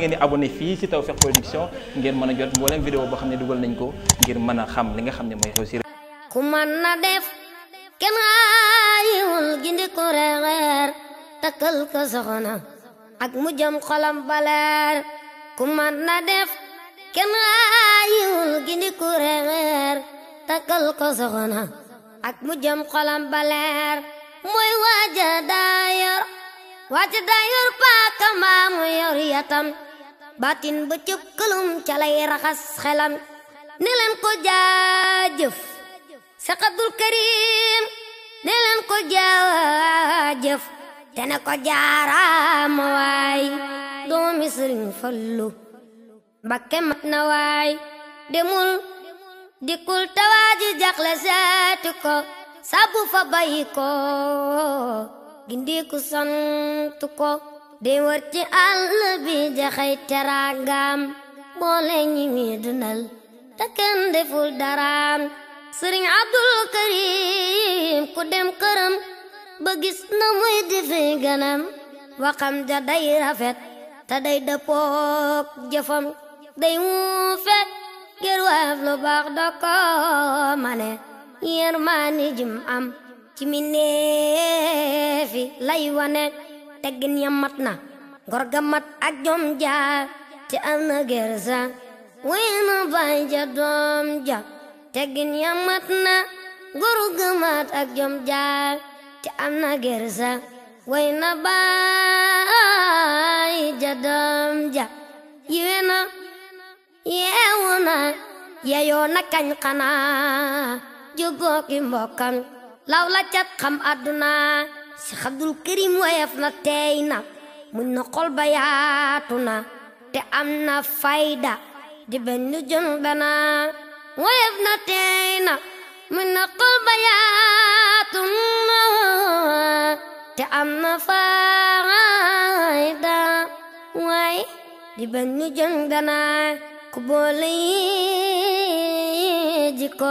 ngeen di abonné fii ci Tawfekh Production ngeen mën a jot mboolem vidéo boo xam ne dugal nañ ko ngir mën a xam li nga xam ne mooy xew ci ku mën na def kenn aayiwul gindi ko reer takkal ko soxna ak mu jëm xolam baleer ku mën na def kenn aayiwul gindi ko reer takkal ko soxna ak mu jëm xolam baleer mooy waaja daayor waaja daayor paaka maamu yor yatam batin ba cëb raxas xelam ne leen jaajëf sa xabdul karim ne jaajëf te ne ko jaaraama waay doomi sëriñ fallu bakke mat na waay demul dikkul tawaaji jaxle seeti ko sabu fa bayi ko gindiku sant ko di wër ci àll bi jaxay teraangaam boole ñi mi dundal te kenn deful daraam sëriñ abdul karim ku dem këram ba gis na muy defee ganam waxam ja day rafet te day dëppook jëfam day wuufe ngir waaf lu baax doko mane yërmaani jim am ci mi neefi lay wane teggin ya mat na ngor ak jom ja te am na gersa wii na bay ja doom ja teggin ya mat na ngor ak jom ja te am na gersa wii na bay ja doom ja yiwe na yeewu na yeyoo na kañ xanaa jugook i mbokkam law la cat xam àdduna si xabdul karim woyof na teey na muñ na xol ba yaatu na te am na fayda di benn jën dana woyof na teey na muñ na xol ba yaatu na te am na fayda waay di benn jën dana ku ko